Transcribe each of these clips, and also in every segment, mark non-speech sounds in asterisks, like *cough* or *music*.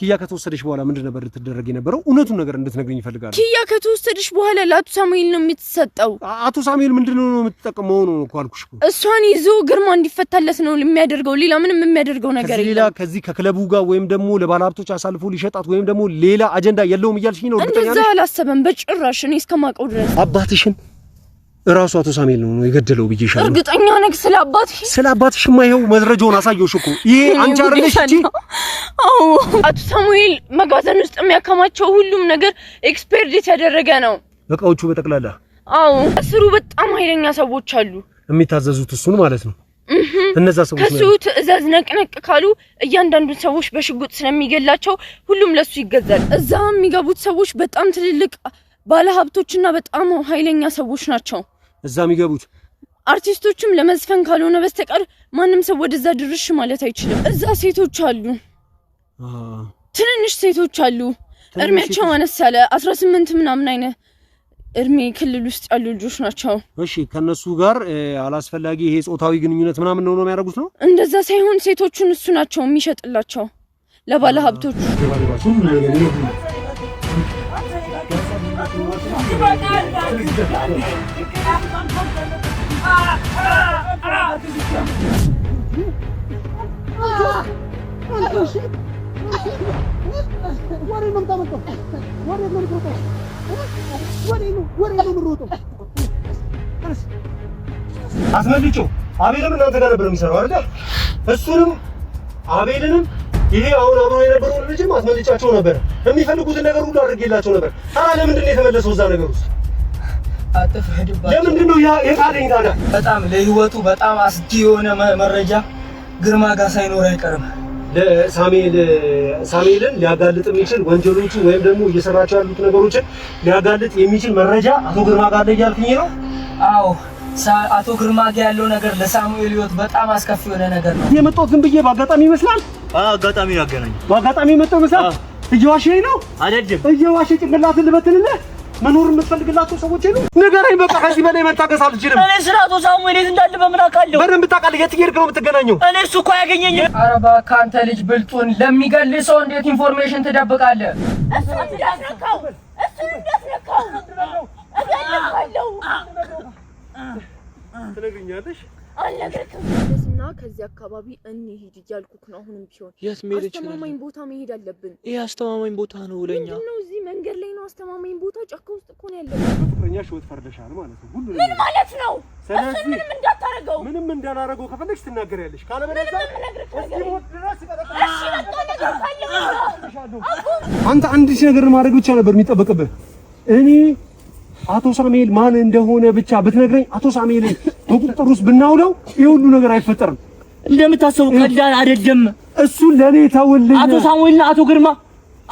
ኪያ ከተወሰደሽ በኋላ ምንድን ነበር ልትደረግ የነበረው? እውነቱን ነገር እንድትነግርኝ ይፈልጋል። ኪያ ከተወሰደሽ በኋላ ለአቶ ሳሙኤል ነው የምትሰጠው። አቶ ሳሙኤል ምንድን ነው የምትጠቀመው? ነው እኮ አልኩሽ። እሷን ይዞ ግርማ እንዲፈታለት ነው የሚያደርገው። ሌላ ምንም የሚያደርገው ነገር የለም። ሌላ ከዚህ ከክለቡ ጋር ወይም ደግሞ ለባለሀብቶች አሳልፎ ሊሸጣት ወይም ደግሞ ሌላ አጀንዳ የለውም እያልሽኝ ነው? እንደዛ አላሰበም በጭራሽ እኔ እስከማውቀው ድረስ አባትሽን እራሱ አቶ ሳሙኤል ነው የገደለው ብዬሻለሁ። እርግጠኛ ነህ? ስለ አባትሽ ስለ አባትሽማ ይኸው መረጃውን አሳየሁሽ እኮ ይሄ አንቺ አይደለሽ እንጂ። አዎ አቶ ሳሙኤል መጋዘን ውስጥ የሚያከማቸው ሁሉም ነገር ኤክስፐርድ የተደረገ ነው፣ እቃዎቹ በጠቅላላ። አዎ ስሩ በጣም ኃይለኛ ሰዎች አሉ የሚታዘዙት እሱን ማለት ነው። እነዛ ሰዎች ከሱ ትዕዛዝ ነቅነቅ ካሉ እያንዳንዱን ሰዎች በሽጉጥ ስለሚገላቸው ሁሉም ለሱ ይገዛል። እዛ የሚገቡት ሰዎች በጣም ትልልቅ ባለሀብቶችና በጣም ኃይለኛ ሰዎች ናቸው። እዛ የሚገቡት አርቲስቶችም ለመዝፈን ካልሆነ በስተቀር ማንም ሰው ወደዛ ድርሽ ማለት አይችልም። እዛ ሴቶች አሉ፣ ትንንሽ ሴቶች አሉ። እድሜያቸው አነስ ያለ አስራ ስምንት ምናምን አይነት እድሜ ክልል ውስጥ ያሉ ልጆች ናቸው። እሺ ከነሱ ጋር አላስፈላጊ ይሄ ጾታዊ ግንኙነት ምናምን ነው ነው የሚያደርጉት ነው። እንደዛ ሳይሆን ሴቶቹን እሱ ናቸው የሚሸጥላቸው ለባለ ሀብቶቹ። አስመልጮ አቤልም እናንተ ጋር ነበር የሚሰራው አይደል? እሱንም አቤልንም ይሄ አሁን አብሮ የነበረውን ልጅም አስመልጫቸው ነበር። የሚፈልጉትን ነገር ሁሉ አድርጌላቸው ነበር። ታዲያ ለምንድን ነው የተመለሰው እዛ ነገር ውስጥ? ለምንድን ነው የጣለኝ ታዲያ? በጣም ለህይወቱ በጣም አስጊ የሆነ መረጃ ግርማ ጋር ሳይኖር አይቀርም። ለሳሙኤል ሳሙኤልን ሊያጋልጥ የሚችል ወንጀሎቹ ወይም ደግሞ እየሰራቸው ያሉት ነገሮችን ሊያጋልጥ የሚችል መረጃ አቶ ግርማ ጋር እያልክኝ ነው? አዎ አቶ ግርማ ጋር ያለው ነገር ለሳሙኤል ህይወት በጣም አስከፊ የሆነ ነገር ነው። የመጣሁት ግን ብዬ በአጋጣሚ ይመስላል። አጋጣሚ ነው ያገናኝ። በአጋጣሚ የመጣሁ ይመስላል። እየዋሸኝ ነው አይደለም? እየዋሸ ጭንቅላትን ልበትንልህ መኖር የምትፈልግላቸው ሰዎች የሉ። ንገረኝ በቃ ከዚህ በላይ መታገስ አልችልም። እኔ ስለ አቶ ሳሙኤል የት እንዳለ በምን አውቃለሁ? በደንብ ታውቃለህ። የት እየሄድክ ነው የምትገናኘው? እኔ እሱ እኮ ያገኘኝ። ኧረ እባክህ አንተ ልጅ ብልጡን ለሚገል ሰው እንዴት ኢንፎርሜሽን ትደብቃለህ? እሱ እሱ አልነግርህም ከዚህ አካባቢ እንሂድ እያልኩህ ነው። አሁንም ቢሆን የት መሄድ አስተማማኝ ቦታ መሄድ አለብን። ይሄ አስተማማኝ ቦታ ነው ለኛ። ምንድነው? እዚህ መንገድ ላይ ነው አስተማማኝ ቦታ። ጫካ ውስጥ እኮ ነው ያለብን። ፍቅረኛሽ ሕይወት ፈርደሻል ማለት ነው። ሁሉ ምን ማለት ነው? ስለዚህ ምንም እንዳታረገው፣ ምንም እንዳላረገው ከፈለግሽ ትናገሪያለሽ። ካለበለዛ አንተ አንድ ነገር ማድረግ ብቻ ነበር የሚጠበቅብህ እኔ አቶ ሳሙኤል ማን እንደሆነ ብቻ ብትነግረኝ፣ አቶ ሳሙኤል በቁጥጥር ውስጥ ብናውለው ይህ ሁሉ ነገር አይፈጠርም። እንደምታስቡ ቀላል አይደለም። እሱን ለእኔ ተውልኝ። አቶ ሳሙኤልና አቶ ግርማ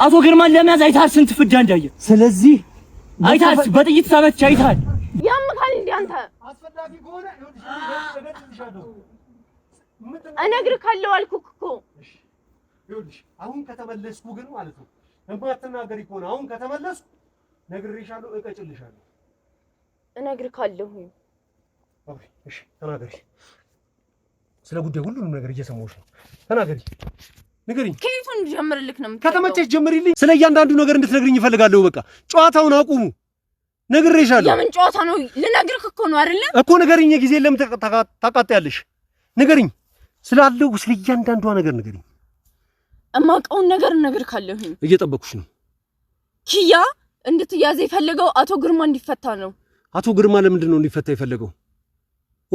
አቶ ግርማን ለመያዝ አይተሃል፣ ስንት ፍዳ እንዳየ። ስለዚህ አይተሃል፣ በጥይት ተመትቼ አይታል ያምካል እንደ አንተ አስፈላጊ ከሆነ እነግርካለሁ አልኩህ እኮ። አሁን ከተመለስኩ ግን ማለት ነው የማትናገሪ ከሆነ አሁን ከተመለስኩ ነግሬሻለሁ፣ እቀጭልሻለሁ። እነግርህ ካለሁኝ እሺ፣ ተናገሪ። ስለ ጉዳይ ሁሉንም ነገር እየሰማሁሽ ነው። ተናገሪ፣ ንገሪኝ። ከየቱን ጀምርልክ ነው? ከተመቸሽ ጀምሪልኝ። ስለ እያንዳንዱ ነገር እንድትነግሪኝ እፈልጋለሁ። በቃ ጨዋታውን አቁሙ። ነግሬሻለሁ። የምን ጨዋታ ነው? ልነግርህ እኮ ነው አይደለ? እኮ ንገሪኝ። የጊዜ የለም። ታቃጣያለሽ። ንገሪኝ፣ ስላለው ስለ እያንዳንዷ ነገር ንገሪኝ። እማውቀውን ነገር እነግርህ ካለሁኝ። እየጠበኩሽ ነው ኪያ እንድትያዝ የፈለገው አቶ ግርማ እንዲፈታ ነው። አቶ ግርማ ለምንድን ነው እንዲፈታ የፈለገው?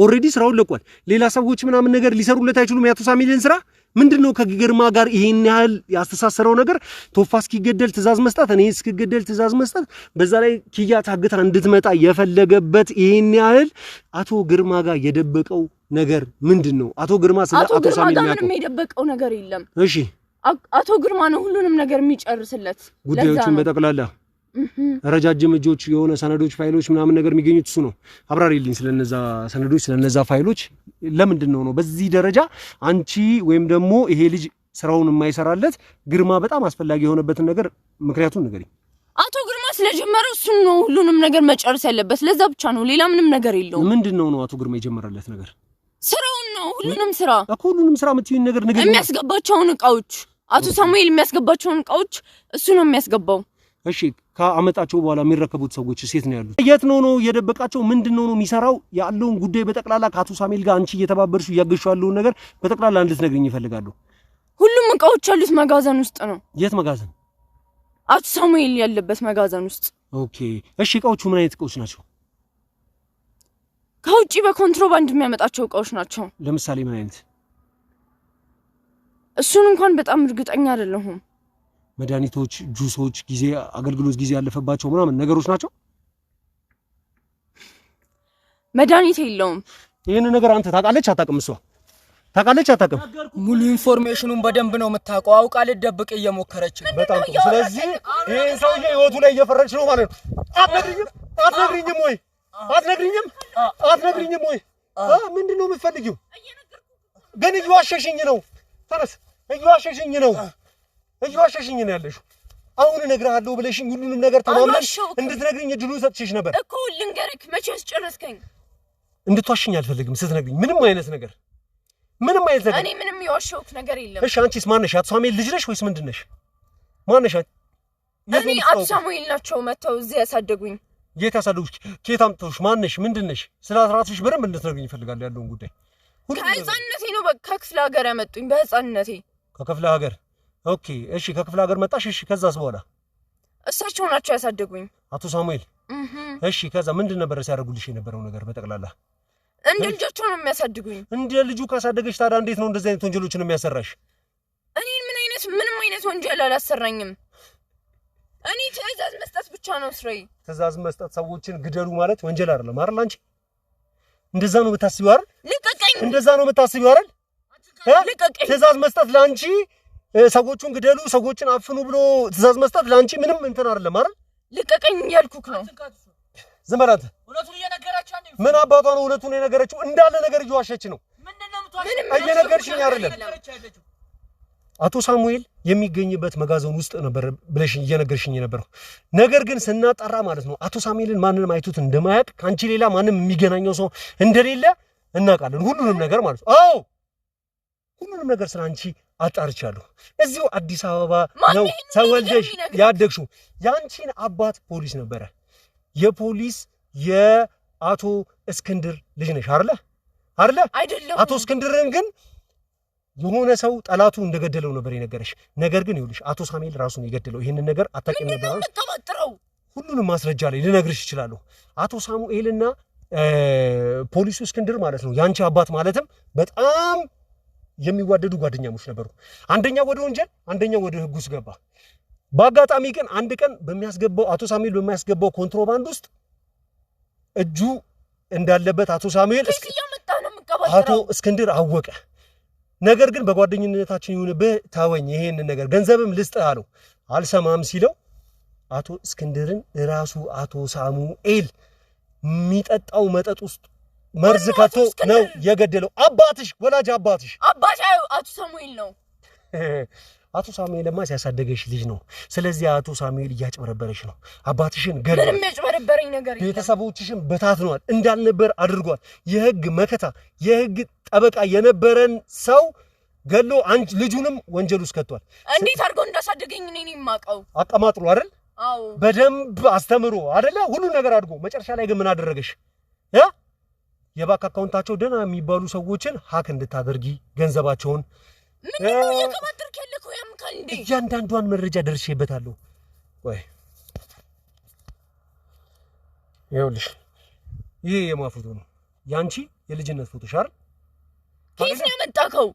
ኦልሬዲ ስራውን ለቋል። ሌላ ሰዎች ምናምን ነገር ሊሰሩለት አይችሉም። የአቶ ሳሚልን ስራ ምንድን ነው ከግርማ ጋር ይሄን ያህል ያስተሳሰረው ነገር? ቶፋ እስኪገደል ትዕዛዝ መስጠት፣ እኔ እስክገደል ትዕዛዝ መስጠት፣ በዛ ላይ ኪያ ታግታ እንድትመጣ የፈለገበት ይሄን ያህል አቶ ግርማ ጋር የደበቀው ነገር ምንድን ነው? አቶ ግርማ ስለ አቶ ሳሚል ጋር ምንም የደበቀው ነገር የለም። እሺ አቶ ግርማ ነው ሁሉንም ነገር የሚጨርስለት ጉዳዮቹን በጠቅላላ ረጃጅም እጆች የሆነ ሰነዶች፣ ፋይሎች ምናምን ነገር የሚገኙት እሱ ነው። አብራሪልኝ ስለነዛ ሰነዶች፣ ስለነዛ ፋይሎች። ለምንድን ነው ነው በዚህ ደረጃ አንቺ ወይም ደግሞ ይሄ ልጅ ስራውን የማይሰራለት ግርማ በጣም አስፈላጊ የሆነበትን ነገር ምክንያቱን ንገሪኝ። አቶ ግርማ ስለጀመረው እሱን ነው ሁሉንም ነገር መጨረስ ያለበት። ለዛ ብቻ ነው፣ ሌላ ምንም ነገር የለውም። ምንድን ነው ነው አቶ ግርማ የጀመረለት ነገር? ስራውን ነው። ሁሉንም ስራ እኮ ሁሉንም ስራ የምትይኝ ነገር ንገሪኝ። የሚያስገባቸውን እቃዎች አቶ ሳሙኤል የሚያስገባቸውን እቃዎች እሱ ነው የሚያስገባው። እሺ ከአመጣቸው በኋላ የሚረከቡት ሰዎች ሴት ነው ያሉት። የት ነው ነው የደበቃቸው? ምንድን ነው ነው የሚሰራው ያለውን ጉዳይ በጠቅላላ ከአቶ ሳሙኤል ጋር አንቺ እየተባበርሽ እያገሹ ያለውን ነገር በጠቅላላ እንድትነግሪኝ ይፈልጋሉ። ሁሉም እቃዎች ያሉት መጋዘን ውስጥ ነው። የት መጋዘን? አቶ ሳሙኤል ያለበት መጋዘን ውስጥ። ኦኬ እሺ። እቃዎቹ ምን አይነት እቃዎች ናቸው? ከውጭ በኮንትሮባንድ የሚያመጣቸው እቃዎች ናቸው። ለምሳሌ ምን አይነት? እሱን እንኳን በጣም እርግጠኛ አይደለሁም። መድኃኒቶች፣ ጁሶች፣ ጊዜ አገልግሎት ጊዜ ያለፈባቸው ምናምን ነገሮች ናቸው። መድኃኒት የለውም። ይህን ነገር አንተ ታውቃለች አታውቅም? እሷ ታውቃለች አታውቅም? ሙሉ ኢንፎርሜሽኑን በደንብ ነው የምታውቀው። አውቃ ልደብቅ እየሞከረች ነው። በጣም ጥሩ። ስለዚህ ይህን ሰውዬ ህይወቱ ላይ እየፈረች ነው ማለት ነው። አትነግሪኝም? አትነግሪኝም ወይ? አትነግሪኝም? አትነግሪኝም ወይ? ምንድን ነው የምትፈልጊው? ግን እየዋሸሽኝ ነው። ተነስ፣ እየዋሸሽኝ ነው እየዋሸሽኝ ነው ያለሽው። አሁን እነግርሃለሁ ብለሽኝ ሁሉንም ነገር ተማምነሽ እንድትነግርኝ እድሉን ሰጥቼሽ ነበር እኮ። ልንገርክ፣ መቼስ ጨረስከኝ። እንድትዋሽኝ አልፈልግም። ስትነግሪኝ ምንም አይነት ነገር ምንም አይነት ነገር እኔ ምንም የዋሸሁት ነገር የለም። እሺ፣ አንቺስ ማነሽ? አቶ ሳሙኤል ልጅ ነሽ ወይስ ምንድን ነሽ? ማነሽ? እኔ አቶ ሳሙኤል ናቸው መተው እዚህ ያሳደጉኝ። የት ያሳደጉሽ? ከየት አምጥተውሽ? ማነሽ? ምንድን ነሽ? ስለ ራስሽ በደንብ እንድትነግሪኝ እፈልጋለሁ ያለውን ጉዳይ። ከህፃንነቴ ነው በቃ ከክፍለ ሀገር ያመጡኝ በህፃንነቴ ከክፍለ ሀገር ኦኬ እሺ፣ ከክፍለ ሀገር መጣሽ። እሺ፣ ከዛስ በኋላ እሳቸው ናቸው ያሳደጉኝ አቶ ሳሙኤል። እሺ፣ ከዛ ምንድን ነበር ሲያደርጉልሽ የነበረው ነገር? በጠቅላላ እንደ ልጆቸው ነው የሚያሳድጉኝ። እንደ ልጁ ካሳደገሽ ታዲያ እንዴት ነው እንደዚህ አይነት ወንጀሎችን የሚያሰራሽ? እኔ ምን አይነት ምንም አይነት ወንጀል አላሰራኝም። እኔ ትእዛዝ መስጠት ብቻ ነው ስራዬ። ትእዛዝ መስጠት፣ ሰዎችን ግደሉ ማለት ወንጀል አይደለም አይደል? አንቺ እንደዛ ነው የምታስቢው አይደል? ልቀቀኝ! እንደዛ ነው የምታስቢው አይደል? ልቀቀኝ! ትእዛዝ መስጠት ለአንቺ ሰዎቹን ግደሉ፣ ሰዎችን አፍኑ ብሎ ትእዛዝ መስጠት ለአንቺ ምንም እንትን አይደለም አይደል? ልቀቀኝ ያልኩክ ነው። ዝም በላት። ምን አባቷ ነው እውነቱን የነገረችው? እንዳለ ነገር እየዋሸች ነው። እየነገርሽኝ አይደለም። አቶ ሳሙኤል የሚገኝበት መጋዘን ውስጥ ነበር ብለሽ እየነገርሽኝ የነበረው ነገር ግን ስናጠራ ማለት ነው አቶ ሳሙኤልን ማንንም አይቱት እንደማያውቅ ከአንቺ ሌላ ማንም የሚገናኘው ሰው እንደሌለ እናውቃለን። ሁሉንም ነገር ማለት ነው። አዎ ሁሉንም ነገር ስለ አንቺ አጣርቻለሁ። እዚሁ አዲስ አበባ ነው ተወልደሽ ያደግሽው። የአንቺን አባት ፖሊስ ነበረ። የፖሊስ የአቶ እስክንድር ልጅ ነሽ አለ አለ አይደለም። አቶ እስክንድርን ግን የሆነ ሰው ጠላቱ እንደገደለው ነበር የነገረሽ። ነገር ግን ይኸውልሽ አቶ ሳሙኤል ራሱን የገደለው ይህንን ነገር አታውቂም ነበር። ሁሉንም ማስረጃ ላይ ልነግርሽ እችላለሁ። አቶ ሳሙኤልና ፖሊሱ እስክንድር ማለት ነው የአንቺ አባት ማለትም በጣም የሚዋደዱ ጓደኛሞች ነበሩ። አንደኛው ወደ ወንጀል፣ አንደኛው ወደ ህግ ውስጥ ገባ። በአጋጣሚ ግን አንድ ቀን በሚያስገባው አቶ ሳሙኤል በሚያስገባው ኮንትሮባንድ ውስጥ እጁ እንዳለበት አቶ ሳሙኤል አቶ እስክንድር አወቀ። ነገር ግን በጓደኝነታችን ይሁንብህ ታወኝ፣ ይሄን ነገር ገንዘብም ልስጥ አለው። አልሰማም ሲለው አቶ እስክንድርን ራሱ አቶ ሳሙኤል የሚጠጣው መጠጥ ውስጥ መርዝ ከቶ ነው የገደለው። አባትሽ ወላጅ አባትሽ አባሽ አቶ ሳሙኤል ነው። *laughs* አቶ ሳሙኤልማ ሲያሳደገሽ ልጅ ነው። ስለዚህ አቶ ሳሙኤል እያጭበረበረሽ ነው። አባትሽን ገድሏል። ምንም ያጭበረበረኝ ነገር ቤተሰቦችሽን በታትኗል፣ እንዳልነበር አድርጓል። የህግ መከታ የህግ ጠበቃ የነበረን ሰው ገሎ አንቺ ልጁንም ወንጀል ውስጥ ከቷል። እንዴት አድርጎ እንዳሳደገኝ እኔ የማውቀው አቀማጥሎ አይደል? አዎ፣ በደንብ አስተምሮ አይደለ? ሁሉ ነገር አድርጎ መጨረሻ ላይ ግን ምን አደረገሽ? የባንክ አካውንታቸው ደህና የሚባሉ ሰዎችን ሀክ እንድታደርጊ ገንዘባቸውን እያንዳንዷን መረጃ ደርሼበታለሁ። ወይ ይኸውልሽ፣ ይሄ የማ ፎቶ ነው? ያንቺ የልጅነት ፎቶ ሻር ኬስ ነው ያመጣከው?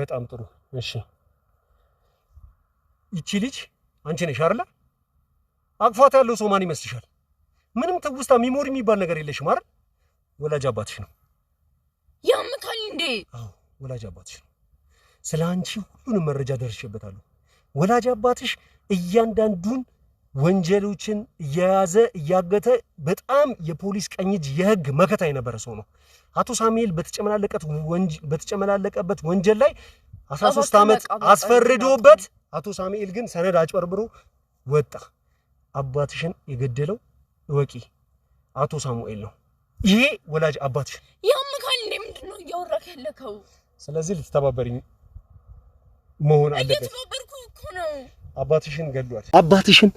በጣም ጥሩ። እሺ፣ ይቺ ልጅ አንቺ ነሽ አይደል? አቅፏት ያለው ሰው ማን ይመስልሻል? ምንም ትውስታ ሚሞሪ የሚባል ነገር የለሽም አይደል? ወላጅ አባትሽ ነው። ያምታል እንዴ? አዎ ወላጅ አባትሽ ነው። ስለ አንቺ ሁሉንም መረጃ ደርሼበታለሁ። ወላጅ አባትሽ እያንዳንዱን ወንጀሎችን እየያዘ እያገተ በጣም የፖሊስ ቀኝ እጅ የህግ መከታ የነበረ ሰው ነው። አቶ ሳሙኤል በተጨመላለቀበት ወንጀል ላይ 13 ዓመት አስፈርዶበት፣ አቶ ሳሙኤል ግን ሰነድ አጭበርብሮ ወጣ። አባትሽን የገደለው እወቂ አቶ ሳሙኤል ነው። ይሄ ወላጅ አባትሽ ያምካል እንዴ? ምንድን ነው እያወራክ ያለከው? ስለዚህ ልትተባበሪኝ መሆን አለበት። አባትሽን ገድሏል። አባትሽን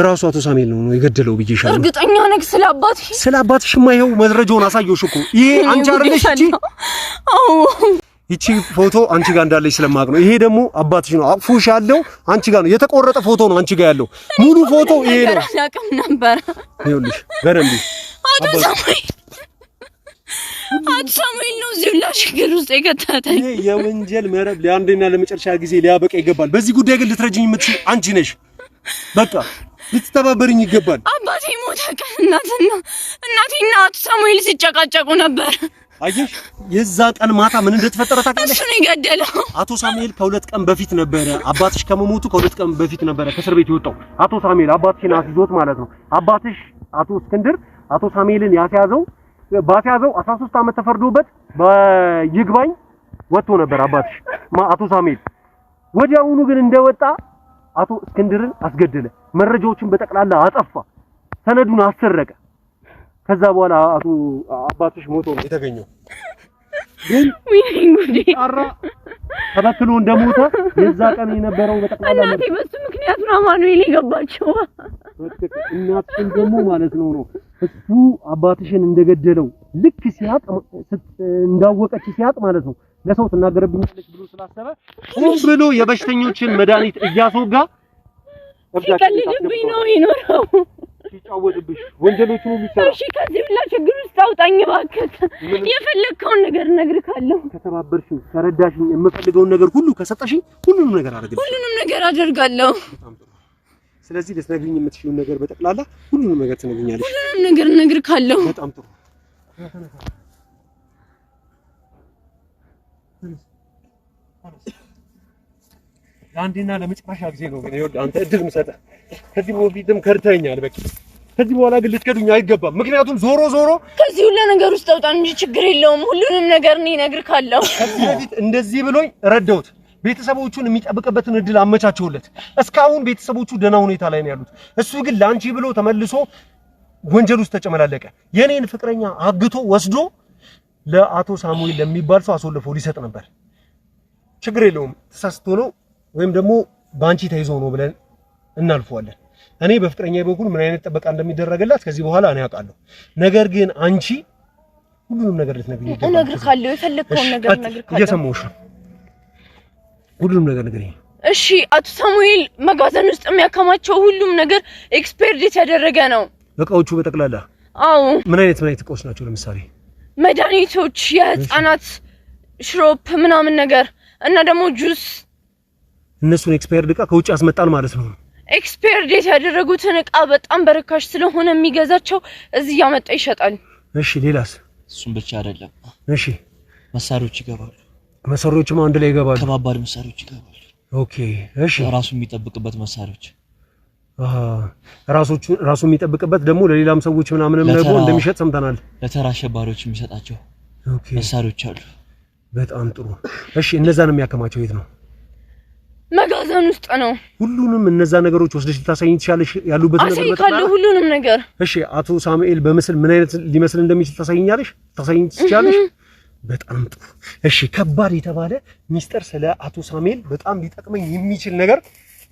እራሱ አቶ ሳሙኤል ነው የገደለው ብዬሻለሁ። እርግጠኛ ነህ? ስለ አባትሽ ስለ አባትሽማ ይኸው መረጃውን አሳየሁሽ እኮ ይሄ አንቺ አይደለሽ አዎ ይቺ ፎቶ አንቺ ጋር እንዳለች ስለማቅ ነው። ይሄ ደግሞ አባትሽ ነው አቅፎሽ ያለው አንቺ ጋር ነው። የተቆረጠ ፎቶ ነው አንቺ ጋር ያለው ሙሉ ፎቶ ይሄ ነው። አላውቅም ነበር። ይኸውልሽ በደንብ አትሰሙኝ ነው። እዚህ ሁላ ችግር ውስጥ የከተተኝ ይሄ የወንጀል መረብ ለአንዴና ለመጨረሻ ጊዜ ሊያበቃ ይገባል። በዚህ ጉዳይ ግን ልትረጅኝ የምትችል አንቺ ነሽ። በቃ ልትተባበርኝ ይገባል። አባቴ ሞተ ቀን እናትና እናቴና አቶ ሳሙኤል ሲጨቃጨቁ ነበር። አየሽ፣ የዛ ቀን ማታ ምን እንደተፈጠረ ታውቂያለሽ? እሱ ነው የገደለው። አቶ ሳሙኤል ከሁለት ቀን በፊት ነበረ አባትሽ ከመሞቱ ከሁለት ቀን በፊት ነበረ ከእስር ቤት የወጣው አቶ ሳሙኤል አባትሽን አስይዞት ማለት ነው። አባትሽ አቶ እስክንድር አቶ ሳሙኤልን ያስያዘው ባስያዘው 13 ዓመት ተፈርዶበት በይግባኝ ወጥቶ ነበር አባትሽ አቶ ሳሙኤል። ወዲያውኑ ግን እንደወጣ አቶ እስክንድርን አስገደለ። መረጃዎችን በጠቅላላ አጠፋ። ሰነዱን አሰረቀ። ከዛ በኋላ አቶ አባትሽ ሞቶ ነው የተገኘው። ግን ጣራ ተበትሎ እንደሞተ የዛ ቀን የነበረው በጠቅላላ እናቴ በሱ ምክንያት ነው አማኑኤል የገባቸው። እናትሽን ደግሞ ማለት ነው ነው እሱ አባትሽን እንደገደለው ልክ ሲያጥ እንዳወቀች ሲያጥ ማለት ነው ለሰው ትናገረብኛለች ብሎ ስላሰበ ሆን ብሎ የበሽተኞችን መድኃኒት እያስወጋ ሲቀልድብኝ ነው የኖረው። ሲጫወትብሽ ወንጀሎቹ ነው ይሰራል። እሺ ከዚህ ብላ ችግር ውስጥ አውጣኝ እባክህ። የፈለግከውን ነገር እነግርካለሁ። ከተባበርሽ ከረዳሽኝ፣ የምፈልገውን ነገር ሁሉ ከሰጠሽኝ ሁሉንም ነገር አደርጋለሁ። ሁሉንም ነገር አደርጋለሁ። ስለዚህ ልትነግሪኝ የምትችይውን ነገር በጠቅላላ ሁሉንም ነገር ትነግሪኛለሽ። ሁሉንም ነገር እነግርካለሁ። በጣም ጥሩ። ተነሳ። ለአንዴና ለመጨረሻ ጊዜ ነው ግን ይኸውልህ አንተ እድል ምሰጠ ከዚህ በፊትም ከድተኸኛል። በቃ ከዚህ በኋላ ግን ልትከዱኝ አይገባም። ምክንያቱም ዞሮ ዞሮ ከዚህ ሁሉ ነገር ውስጥ አውጣን እንጂ ችግር የለውም። ሁሉንም ነገር እኔ እነግርካለሁ። ከዚህ በፊት እንደዚህ ብሎኝ ረዳሁት። ቤተሰቦቹን የሚጠብቅበትን እድል አመቻቸውለት። እስካሁን ቤተሰቦቹ ደህና ሁኔታ ላይ ነው ያሉት። እሱ ግን ለአንቺ ብሎ ተመልሶ ወንጀል ውስጥ ተጨመላለቀ። የኔን ፍቅረኛ አግቶ ወስዶ ለአቶ ሳሙኤል ለሚባል ሰው አስወልፎ ሊሰጥ ነበር። ችግር የለውም ተሳስቶ ነው ወይም ደግሞ በአንቺ ተይዞ ነው ብለን እናልፈዋለን። እኔ በፍቅረኛ በኩል ምን አይነት ጥበቃ እንደሚደረግላት ከዚህ በኋላ እኔ አውቃለሁ። ነገር ግን አንቺ ሁሉንም ነገር ልትነግሪኝ ይገባል። እነግርካለሁ፣ የፈለግከውን ነገር እነግርካለሁ። እየሰማሁሽ ነው። ሁሉንም ነገር ንገሪኝ። እሺ አቶ ሳሙኤል መጋዘን ውስጥ የሚያከማቸው ሁሉም ነገር ኤክስፐርድ የተደረገ ነው። እቃዎቹ በጠቅላላ? አዎ። ምን አይነት ምን አይነት እቃዎች ናቸው? ለምሳሌ መድኃኒቶች፣ የህፃናት ሽሮፕ ምናምን ነገር እና ደግሞ ጁስ እነሱን ኤክስፓየርድ እቃ ከውጭ ያስመጣል ማለት ነው። ኤክስፓየርድ ያደረጉትን እቃ በጣም በርካሽ ስለሆነ የሚገዛቸው እዚህ ያመጣ ይሸጣል። እሺ፣ ሌላስ? እሱም ብቻ አይደለም። እሺ፣ መሳሪያዎች ይገባሉ። መሳሪያዎችም አንድ ላይ ይገባሉ። ከባባድ መሳሪያዎች ይገባሉ። ኦኬ፣ እሺ። ራሱ የሚጠብቅበት መሳሪያዎች ራሶቹ ራሱ የሚጠብቅበት ደግሞ ለሌላም ሰዎች ምናምንም ደግሞ እንደሚሸጥ ሰምተናል። ለተራ አሸባሪዎች የሚሰጣቸው መሳሪያዎች አሉ። በጣም ጥሩ። እሺ፣ እነዛን የሚያከማቸው የት ነው? መጋዘን ውስጥ ነው። ሁሉንም እነዛ ነገሮች ወስደሽ ልታሳይኝ ትችያለሽ? ያሉበት ነገር አሳይ ሁሉንም ነገር። እሺ፣ አቶ ሳሙኤል በምስል ምን አይነት ሊመስል እንደሚችል ታሳይኛለሽ? ታሳይኝ ትችያለሽ? በጣም ጥሩ። እሺ፣ ከባድ የተባለ ሚስጥር ስለ አቶ ሳሙኤል በጣም ሊጠቅመኝ የሚችል ነገር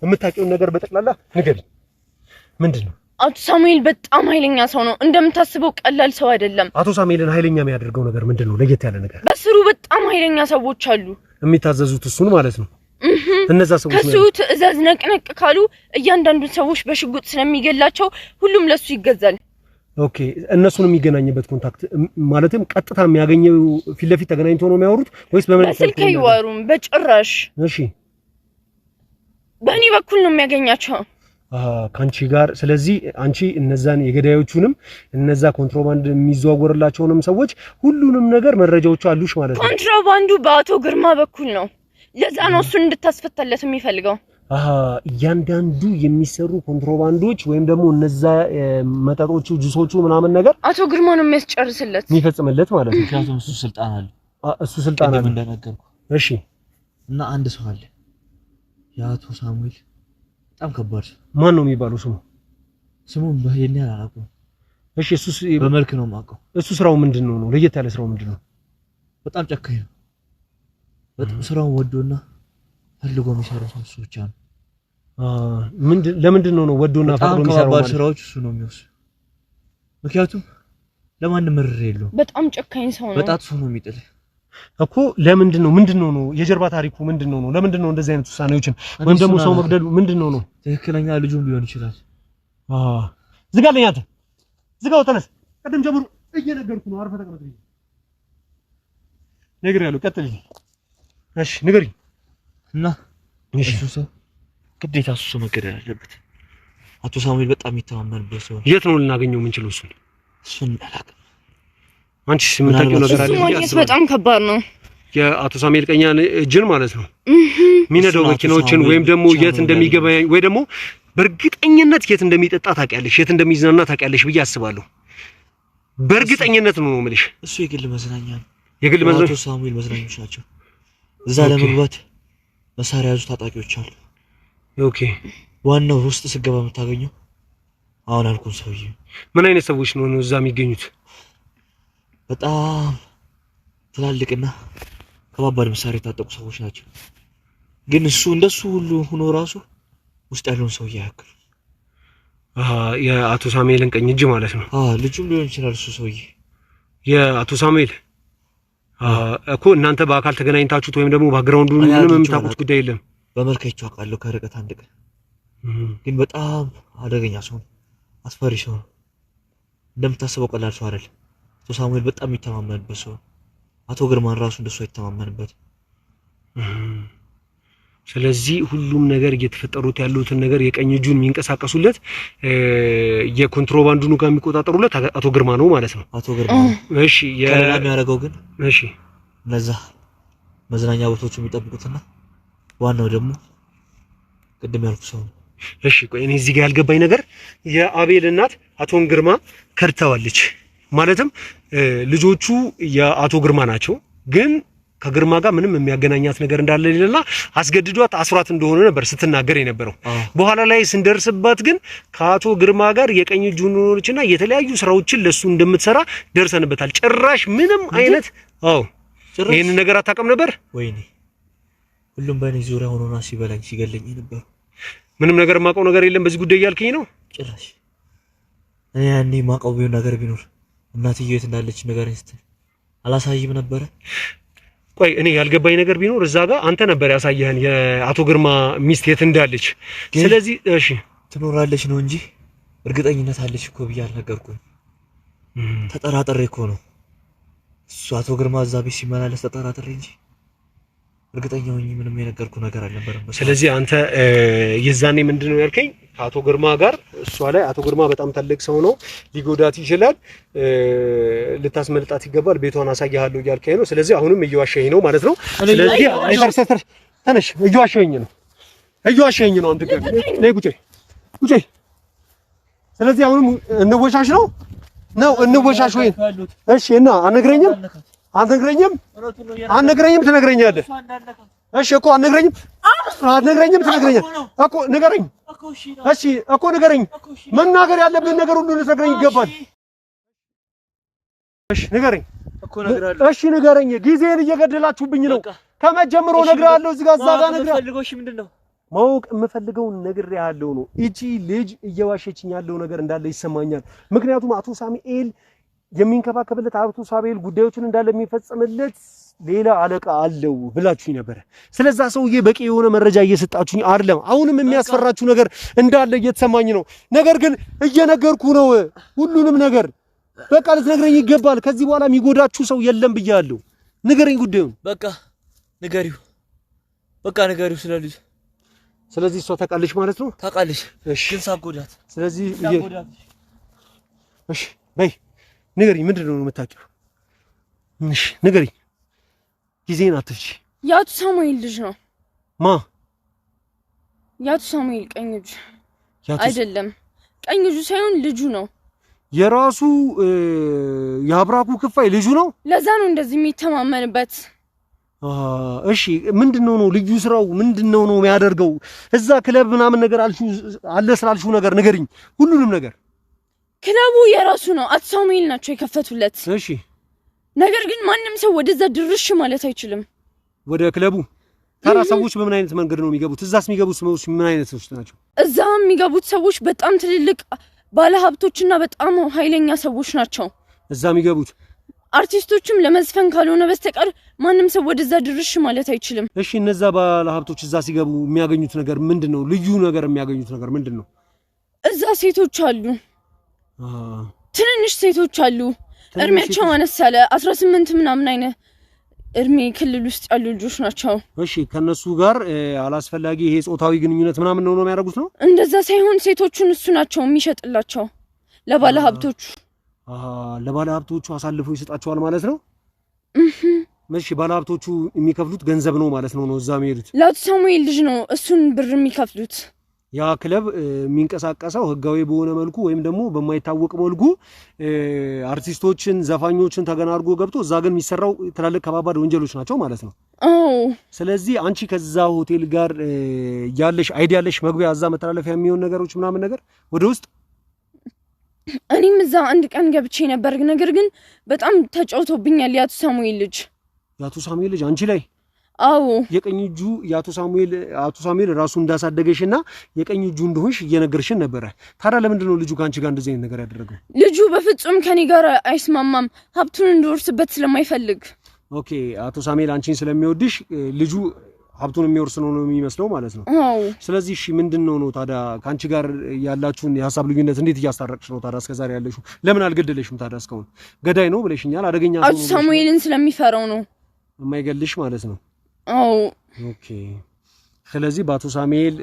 የምታውቂውን ነገር በጠቅላላ ንገሪኝ። ምንድን ነው? አቶ ሳሙኤል በጣም ኃይለኛ ሰው ነው። እንደምታስበው ቀላል ሰው አይደለም። አቶ ሳሙኤልን ኃይለኛ የሚያደርገው ነገር ምንድን ነው? ለየት ያለ ነገር። በስሩ በጣም ኃይለኛ ሰዎች አሉ። የሚታዘዙት እሱን ማለት ነው እነዛ ሰዎች ከሱ ትዕዛዝ ነቅነቅ ካሉ እያንዳንዱ ሰዎች በሽጉጥ ስለሚገላቸው ሁሉም ለሱ ይገዛል። ኦኬ እነሱን የሚገናኝበት ኮንታክት ማለትም ቀጥታ የሚያገኘው ፊት ለፊት ተገናኝቶ ነው የሚያወሩት ወይስ በምን ስልክ ይዋሩም? በጭራሽ። እሺ በእኔ በኩል ነው የሚያገኛቸው ከአንቺ ጋር። ስለዚህ አንቺ እነዛን የገዳዮቹንም እነዛ ኮንትሮባንድ የሚዘዋወርላቸውንም ሰዎች ሁሉንም ነገር መረጃዎቹ አሉሽ ማለት ነው። ኮንትሮባንዱ በአቶ ግርማ በኩል ነው። የዛ ነው እሱን እንድታስፈታለት የሚፈልገው። እያንዳንዱ የሚሰሩ ኮንትሮባንዶች ወይም ደግሞ እነዛ መጠጦቹ፣ ጁሶቹ ምናምን ነገር አቶ ግርማ ነው የሚያስጨርስለት የሚፈጽምለት ማለት ነው። ምክንያቱም እሱ ስልጣን አለ፣ እሱ ስልጣን አለ እንደነገርኩ። እሺ። እና አንድ ሰው አለ የአቶ ሳሙኤል በጣም ከባድ ሰው። ማን ነው የሚባለው ስሙ? ስሙን በየኛ አላውቀውም። እሺ። እሱ በመልክ ነው የማውቀው። እሱ ስራው ምንድን ነው ነው ለየት ያለ ስራው ምንድን ነው? በጣም ጨካኝ ነው። በጣም ስራውን ወዶና ፈልጎ የሚሰራው ሰው እሱ ብቻ ነው። ለምንድን ነው ነው ወዶና ፈልጎ የሚሰራው ማለት ስራዎች እሱ ነው የሚወስድ። ምክንያቱም ለማንም ምርር የለውም። በጣም ጨካኝ ሰው ነው። በጣም ሰው ነው የሚጥል እኮ ለምንድን ነው ምንድን ነው ነው የጀርባ ታሪኩ ምንድን ነው ነው ለምንድን ነው እንደዚህ አይነት ውሳኔዎችን ወይም ደግሞ ሰው መግደሉ ምንድን ነው ነው ትክክለኛ ልጁም ሊሆን ይችላል። አዎ ዝጋለኝ፣ አንተ ዝጋው፣ ተነስ። ቅድም ጀምሩ እየነገርኩ ነው። አርፈህ ተቀመጥ ያለው ቀጥል። እሺ ንገሪኝ እና እሺ ሰው ግዴታ እሱ መገደል አለበት። አቶ ሳሙኤል በጣም የሚተማመንበት ሰው። የት ነው ልናገኘው የምንችለው እሱን? እሱን አላውቅም። አንቺ የምታውቂው ነገር አለ? እሱ በጣም ከባድ ነው። የአቶ ሳሙኤል ቀኛ እጅን ማለት ነው የሚነዳው መኪናዎችን ወይም ደግሞ የት እንደሚገባ ወይ ደግሞ በእርግጠኝነት የት እንደሚጠጣ ታውቂያለሽ፣ የት እንደሚዝናና ታውቂያለሽ ብዬ አስባለሁ። በእርግጠኝነት ነው የምልሽ። እሱ የግል መዝናኛ ነው። የግል መዝናኛ አቶ ሳሙኤል መዝናኞች ናቸው። እዛ ለመግባት መሳሪያ ያዙ ታጣቂዎች አሉ። ኦኬ ዋናው ውስጥ ስገባ የምታገኘው አሁን አልኩን ሰውዬ። ምን አይነት ሰዎች ነው እዛ የሚገኙት? በጣም ትላልቅና ከባባድ መሳሪያ የታጠቁ ሰዎች ናቸው። ግን እሱ እንደሱ ሁሉ ሆኖ ራሱ ውስጥ ያለውን ሰውዬ አያክሉ። የአቶ ሳሙኤልን ቀኝ እጅ ማለት ነው። ልጁም ሊሆን ይችላል እሱ ሰውዬ የአቶ ሳሙኤል እኮ እናንተ በአካል ተገናኝታችሁት ወይም ደግሞ ባግራውንዱ ምንም የምታውቁት ጉዳይ የለም። በመልካቸው አውቃለሁ ከርቀት አንድ ቀን። ግን በጣም አደገኛ ሰው አስፈሪ ሰው ነው። እንደምታስበው ቀላል ሰው አይደል። አቶ ሳሙኤል በጣም የሚተማመንበት ሰው፣ አቶ ግርማን ራሱ እንደሱ አይተማመንበት ስለዚህ ሁሉም ነገር እየተፈጠሩት ያሉትን ነገር የቀኝ እጁን የሚንቀሳቀሱለት የኮንትሮባንዱን ጋር የሚቆጣጠሩለት አቶ ግርማ ነው ማለት ነው። አቶ ግርማ እሺ፣ የሚያደርገው ግን እሺ፣ እነዛ መዝናኛ ቦታዎች የሚጠብቁትና ዋናው ደግሞ ቅድም ያልኩ ሰው ነው። እሺ፣ ቆይ እኔ እዚህ ጋር ያልገባኝ ነገር የአቤል እናት አቶን ግርማ ከድተዋለች። ማለትም ልጆቹ የአቶ ግርማ ናቸው ግን ከግርማ ጋር ምንም የሚያገናኛት ነገር እንዳለ ሌላ አስገድዷት አስሯት እንደሆነ ነበር ስትናገር የነበረው። በኋላ ላይ ስንደርስበት ግን ከአቶ ግርማ ጋር የቀኝ እጁን ሆኖችና የተለያዩ ስራዎችን ለሱ እንደምትሰራ ደርሰንበታል። ጭራሽ ምንም አይነት አዎ፣ ይህንን ነገር አታውቅም ነበር። ወይኔ ሁሉም በእኔ ዙሪያ ሆኖና ሲበላኝ ሲገለኝ ነበር። ምንም ነገር የማውቀው ነገር የለም በዚህ ጉዳይ እያልክኝ ነው? ጭራሽ እኔ ያኔ የማውቀው ነገር ቢኖር እናትዬ የት እንዳለች ነገር አላሳይም ነበረ ቆይ እኔ ያልገባኝ ነገር ቢኖር እዛ ጋር አንተ ነበር ያሳየህን የአቶ ግርማ ሚስት የት እንዳለች። ስለዚህ እሺ ትኖራለች ነው እንጂ እርግጠኝነት አለች እኮ ብዬ አልነገርኩም። ተጠራጥሬ እኮ ነው እሱ አቶ ግርማ እዛ ቤት ሲመላለስ ተጠራጥሬ እንጂ እርግጠኛ ሆኜ ምንም የነገርኩ ነገር አልነበረም። ስለዚህ አንተ የዛኔ ምንድን ነው ያልከኝ? ከአቶ ግርማ ጋር እሷ ላይ አቶ ግርማ በጣም ትልቅ ሰው ነው፣ ሊጎዳት ይችላል፣ ልታስመልጣት ይገባል፣ ቤቷን አሳያለሁ እያልከኝ ነው። ስለዚህ አሁንም እየዋሸኝ ነው ማለት ነው። ስለዚህ ተነሽ፣ እየዋሸኝ ነው፣ እየዋሸኝ ነው። አንተ ግን ነይ ቁጭ ቁጭ። ስለዚህ አሁንም እንወሻሽ ነው ነው እንወሻሽ ወይ? እሺ እና አነግረኝም አትነግረኝም? አትነግረኝም? ትነግረኛለህ? እሺ እኮ አትነግረኝም? አትነግረኝም? ትነግረኛለህ እኮ ንገረኝ። እሺ እኮ ንገረኝ። መናገር ያለብህን ነገር ሁሉ ልትነግረኝ ይገባል። እሺ ንገረኝ። እሺ ንገረኝ። ጊዜን እየገደላችሁብኝ ነው። ከመጀመሩ እነግርሃለሁ። እዚህ ጋር እዛ ጋር እነግርሃለሁ። ማወቅ የምፈልገውን ነግሬሃለሁ ነው። እቺ ልጅ እየዋሸችኝ ያለው ነገር እንዳለ ይሰማኛል። ምክንያቱም አቶ ሳሙኤል የሚንከባከብለት ሀብቱ ሳቤል ጉዳዮችን እንዳለ የሚፈጽምለት ሌላ አለቃ አለው ብላችሁኝ ነበረ። ስለዛ ሰውዬ በቂ የሆነ መረጃ እየሰጣችሁኝ አይደለም። አሁንም የሚያስፈራችሁ ነገር እንዳለ እየተሰማኝ ነው። ነገር ግን እየነገርኩ ነው ሁሉንም ነገር በቃ ልትነግረኝ ይገባል። ከዚህ በኋላ የሚጎዳችሁ ሰው የለም ብያለሁ። ንገረኝ ጉዳዩን። በቃ ንገሪው፣ በቃ ንገሪው ስለ ልጅ። ስለዚህ እሷ ታውቃለች ማለት ነው። ታውቃለች፣ ግን ሳትጎዳት። ስለዚህ እሺ በይ ንገሪኝ፣ ምንድን ነው የምታውቂው? እሺ ንገሪኝ። ጊዜን አትፍጪ። የአቶ ሳሙኤል ልጅ ነው። ማ? የአቶ ሳሙኤል ቀኝ እጁ አይደለም፣ ቀኝ እጁ ሳይሆን ልጁ ነው። የራሱ የአብራኩ ክፋይ ልጁ ነው። ለዛ ነው እንደዚህ የሚተማመንበት። እሺ ምንድነው ነው ልዩ ስራው? ምንድነው ነው የሚያደርገው? እዛ ክለብ ምናምን ነገር አለ ስላልሽው ነገር ንገሪኝ፣ ሁሉንም ነገር ክለቡ የራሱ ነው። አትሳሙኤል ናቸው የከፈቱለት። እሺ። ነገር ግን ማንም ሰው ወደዛ ድርሽ ማለት አይችልም፣ ወደ ክለቡ። ታዲያ ሰዎች በምን አይነት መንገድ ነው የሚገቡት? እዛስ የሚገቡት ሰዎች ምን አይነት ሰዎች ናቸው? እዛ የሚገቡት ሰዎች በጣም ትልልቅ ባለ ሀብቶችና በጣም ኃይለኛ ሰዎች ናቸው እዛ የሚገቡት። አርቲስቶችም ለመዝፈን ካልሆነ በስተቀር ማንም ሰው ወደዛ ድርሽ ማለት አይችልም። እሺ። እነዛ ባለ ሀብቶች እዛ ሲገቡ የሚያገኙት ነገር ምንድን ነው? ልዩ ነገር የሚያገኙት ነገር ምንድን ነው? እዛ ሴቶች አሉ ትንንሽ ሴቶች አሉ። እድሜያቸው አነስ ያለ ስምንት ምናምን አይነት እድሜ ክልል ውስጥ ያሉ ልጆች ናቸው። እሺ፣ ከነሱ ጋር አላስፈላጊ ይሄ ጾታዊ ግንኙነት ምናምን ነው ነው የሚያደርጉት ነው? እንደዛ ሳይሆን ሴቶቹን እሱ ናቸው የሚሸጥላቸው ለባለ ሀብቶቹ። ለባለ ሀብቶቹ አሳልፎ ይሰጣቸዋል ማለት ነው። እሺ፣ ባለ ሀብቶቹ የሚከፍሉት ገንዘብ ነው ማለት ነው። ነው እዛ የሚሄዱት ላቱ ሳሙኤል ልጅ ነው እሱን ብር የሚከፍሉት። ያ ክለብ የሚንቀሳቀሰው ህጋዊ በሆነ መልኩ ወይም ደግሞ በማይታወቅ መልኩ አርቲስቶችን፣ ዘፋኞችን ተገና ገብቶ እዛ ግን የሚሰራው ትላልቅ ከባባድ ወንጀሎች ናቸው ማለት ነው። ስለዚህ አንቺ ከዛ ሆቴል ጋር ያለሽ አይዲ ያለሽ መግቢያ እዛ መተላለፊያ የሚሆን ነገሮች ምናምን ነገር ወደ ውስጥ እኔም እዛ አንድ ቀን ገብቼ ነበር። ነገር ግን በጣም ተጫውቶብኛል። ያቱ ሳሙኤል ልጅ ያቱ ሳሙኤል ልጅ አንቺ ላይ አዎ የቀኝ እጁ የአቶ ሳሙኤል አቶ ሳሙኤል ራሱ እንዳሳደገሽና የቀኝ እጁ እንደሆንሽ እየነገርሽን ነበረ። ታዲያ ለምንድን ነው ልጁ ከአንቺ ጋር እንደዚህ ነገር ያደረገው? ልጁ በፍጹም ከኔ ጋር አይስማማም፣ ሀብቱን እንድወርስበት ስለማይፈልግ። ኦኬ አቶ ሳሙኤል አንቺን ስለሚወድሽ ልጁ ሀብቱን የሚወርስ ነው ነው የሚመስለው ማለት ነው። ስለዚህ እሺ፣ ምንድን ነው ነው ታዲያ ከአንቺ ጋር ያላችሁን የሀሳብ ልዩነት እንዴት እያስታረቅሽ ነው ታዲያ? እስከዛሬ ያለሽው ለምን አልገደለሽም ታዲያ? እስካሁን ገዳይ ነው ብለሽኛል። አደገኛ አቶ ሳሙኤልን ስለሚፈራው ነው የማይገልሽ ማለት ነው። አዎ። ኦኬ። ስለዚህ በአቶ ሳሙኤል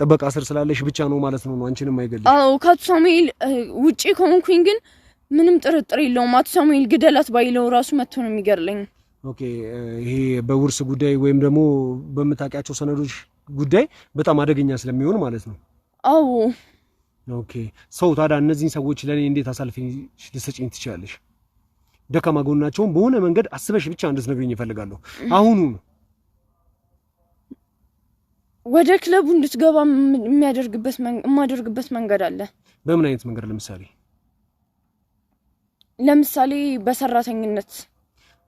ጥበቃ ስር ስላለሽ ብቻ ነው ማለት ነው አንቺንም አይገልም? አዎ። ከአቶ ሳሙኤል ውጪ ከሆንኩኝ ግን ምንም ጥርጥር የለውም። አቶ ሳሙኤል ግደላት ባይለው ራሱ መጥቶ ነው የሚገርለኝ። ኦኬ። ይሄ በውርስ ጉዳይ ወይም ደግሞ በምታውቂያቸው ሰነዶች ጉዳይ በጣም አደገኛ ስለሚሆን ማለት ነው። አዎ። ኦኬ። ሰው ታዲያ እነዚህን ሰዎች ለእኔ እንዴት አሳልፈሽ ልትሰጪኝ ትችላለሽ? ደካማ ጎናቸውን በሆነ መንገድ አስበሽ ብቻ እንድትነግሪኝ እፈልጋለሁ አሁኑ ነው። ወደ ክለቡ እንድትገባ የሚያደርግበት የማደርግበት መንገድ አለ። በምን አይነት መንገድ? ለምሳሌ ለምሳሌ በሰራተኝነት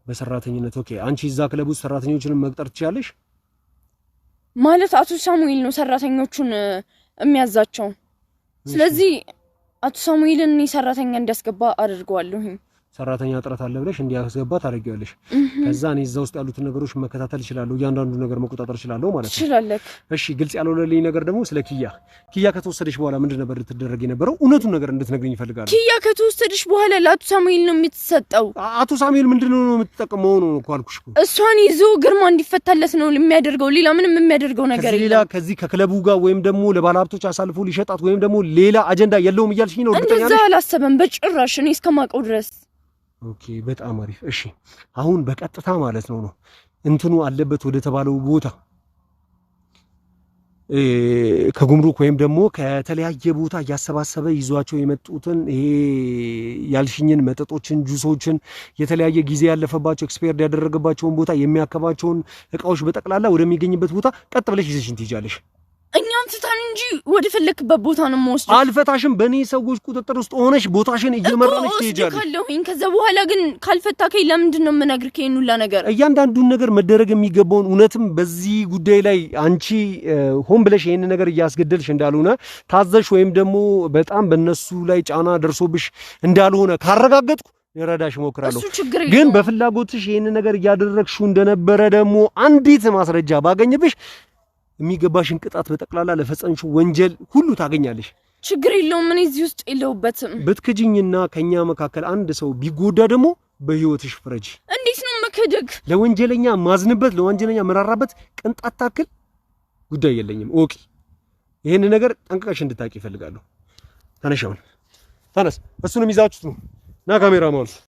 በሰራተኝነት። ኦኬ። አንቺ እዛ ክለብ ውስጥ ሰራተኞችንም መቅጠር ትችላለሽ ማለት አቶ ሳሙኤል ነው ሰራተኞቹን የሚያዛቸው። ስለዚህ አቶ ሳሙኤልን እኔ ሰራተኛ እንዲያስገባ አድርገዋለሁኝ። ሰራተኛ እጥረት አለ ብለሽ እንዲያስገባ ታደርጊዋለሽ። ከዛ እኔ እዛ ውስጥ ያሉትን ነገሮች መከታተል እችላለሁ፣ እያንዳንዱ ነገር መቆጣጠር እችላለሁ ማለት ነው። እሺ፣ ግልጽ ያልሆነልኝ ነገር ደግሞ ስለ ኪያ ኪያ ከተወሰደች በኋላ ምንድን ነበር ልትደረግ የነበረው? እውነቱን ነገር እንድትነግርኝ ይፈልጋለሁ። ኪያ ከተወሰደች በኋላ ለአቶ ሳሙኤል ነው የምትሰጠው። አቶ ሳሙኤል ምንድን ነው የምትጠቀመው? ነው እኮ አልኩሽ እሷን ይዞ ግርማ እንዲፈታለት ነው የሚያደርገው። ሌላ ምንም የሚያደርገው ነገር ሌላ ከዚህ ከክለቡ ጋር ወይም ደግሞ ለባለሀብቶች አሳልፎ ሊሸጣት ወይም ደግሞ ሌላ አጀንዳ የለውም እያልሽኝ ነው? እንደዛ አላሰበም በጭራሽ እኔ እስከማውቀው ድረስ ኦኬ፣ በጣም አሪፍ። እሺ አሁን በቀጥታ ማለት ነው ነው እንትኑ አለበት ወደ ተባለው ቦታ ከጉምሩክ ወይም ደግሞ ከተለያየ ቦታ እያሰባሰበ ይዟቸው የመጡትን ይሄ ያልሽኝን መጠጦችን፣ ጁሶችን የተለያየ ጊዜ ያለፈባቸው ኤክስፓየርድ ያደረገባቸውን ቦታ የሚያከባቸውን እቃዎች በጠቅላላ ወደሚገኝበት ቦታ ቀጥ ብለሽ ይዘሽን ትይጃለሽ። ትታን እንጂ ወደ ፈለክበት ቦታ ነው የምወስደው። አልፈታሽም። በእኔ ሰዎች ቁጥጥር ውስጥ ሆነሽ ቦታሽን እየመራነች ትሄጃለሽ። ከዛ በኋላ ግን ካልፈታከኝ ለምንድን ነው የምነግርህ? ይሄን ሁላ ነገር እያንዳንዱን ነገር መደረግ የሚገባውን እውነትም በዚህ ጉዳይ ላይ አንቺ ሆን ብለሽ ይሄን ነገር እያስገደልሽ እንዳልሆነ ታዘሽ ወይም ደግሞ በጣም በእነሱ ላይ ጫና ደርሶብሽ እንዳልሆነ ካረጋገጥኩ ልረዳሽ እሞክራለሁ። ግን በፍላጎትሽ ይህን ነገር እያደረግሽው እንደነበረ ደግሞ አንዲት ማስረጃ ባገኝብሽ የሚገባሽን ቅጣት በጠቅላላ ለፈጸምሽው ወንጀል ሁሉ ታገኛለሽ። ችግር የለውም። እኔ እዚህ ውስጥ የለሁበትም። ብትክጅኝና ከእኛ መካከል አንድ ሰው ቢጎዳ ደግሞ በህይወትሽ ፍረጂ። እንዴት ነው መክደግ? ለወንጀለኛ ማዝንበት፣ ለወንጀለኛ መራራበት ቅንጣት ታክል ጉዳይ የለኝም። ኦቂ ይህን ነገር ጠንቅቀሽ እንድታቂ ይፈልጋሉ። ተነሻውን አሁን ተነስ። እሱንም ይዛችሁት ነው ና ካሜራ ማውልስ